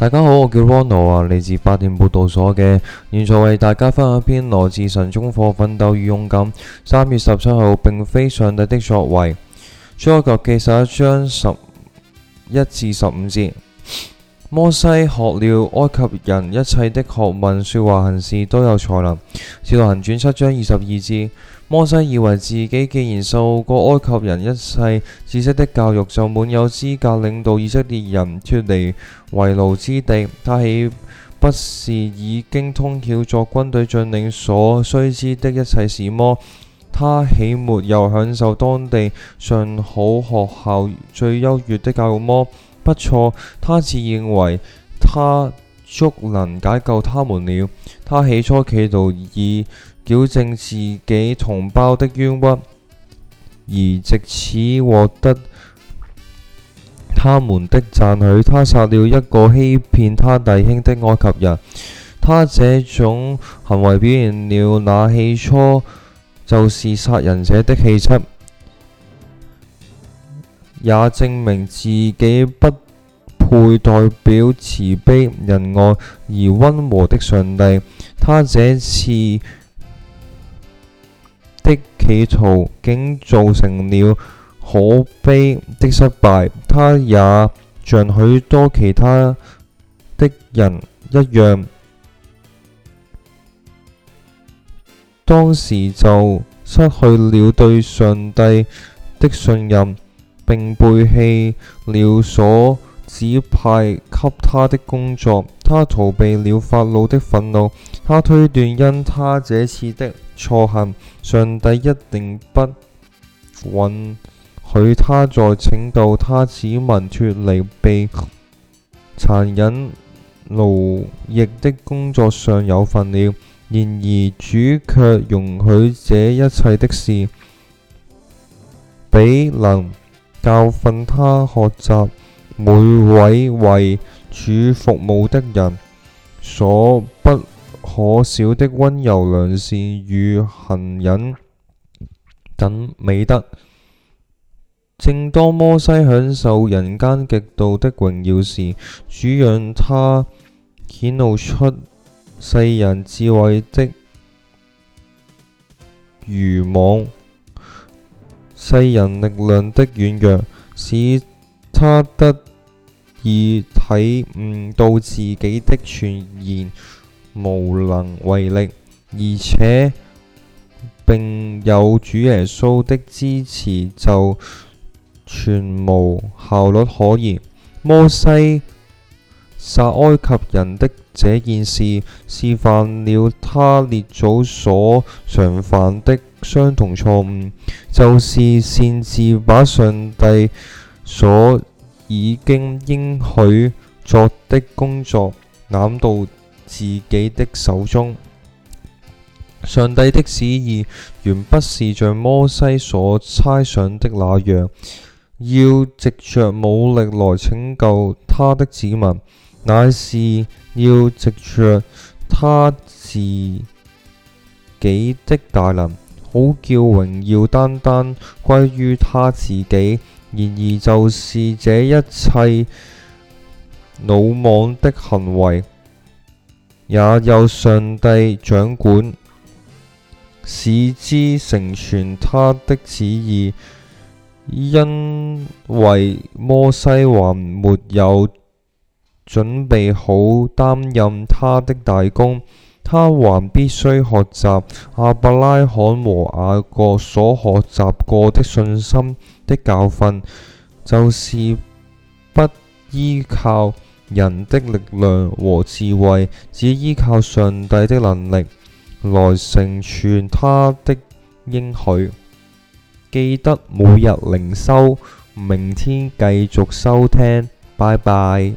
大家好，我叫 Ronald 啊，嚟自八點佈道所嘅，現在為大家分享一篇羅志神中課奮鬥與勇敢。三月十七號，並非上帝的作為。出埃及記二章十一至十五節。摩西學了埃及人一切的學問，說話行事都有才能。《使徒行傳》七章二十二節，摩西以為自己既然受過埃及人一切知識的教育，就滿有資格領導以色列人脫離為奴之地。他豈不是已經通曉作軍隊將領所需知的一切事麼？他豈沒有享受當地上好學校最優越的教育麼？不錯，他自認為他足能解救他們了。他起初企圖以矯正自己同胞的冤屈，而藉此獲得他們的讚許。他殺了一個欺騙他弟兄的埃及人。他這種行為表現了那起初就是殺人者的氣質。也證明自己不配代表慈悲仁愛而溫和的上帝。他這次的企圖竟造成了可悲的失敗。他也像許多其他的人一樣，當時就失去了對上帝的信任。並背棄了所指派給他的工作，他逃避了法老的憤怒。他推斷因他這次的錯行，上帝一定不允許他在請到他子民脱離被殘忍奴役的工作上有份了。然而主卻容許這一切的事，比能。教訓他學習每位為主服務的人所不可少的溫柔良善與恆忍等美德。正當摩西享受人間極度的榮耀時，主讓他顯露出世人智慧的愚妄。世人力量的軟弱，使他得以睇唔到自己的傳言無能為力，而且並有主耶穌的支持，就全無效率可言。摩西殺埃及人的這件事，是犯了他列祖所常犯的相同錯誤，就是擅自把上帝所已經應許做的工作攬到自己的手中。上帝的旨意原不是像摩西所猜想的那樣，要藉著武力來拯救他的子民。乃是要藉着他自己的大能，好叫榮耀單單歸於他自己。然而，就是這一切魯莽的行為，也有上帝掌管，使之成全他的旨意，因為摩西還沒有。準備好擔任他的大工，他還必須學習亞伯拉罕和雅各所學習過的信心的教訓，就是不依靠人的力量和智慧，只依靠上帝的能力來成全他的應許。記得每日靈修，明天繼續收聽。拜拜。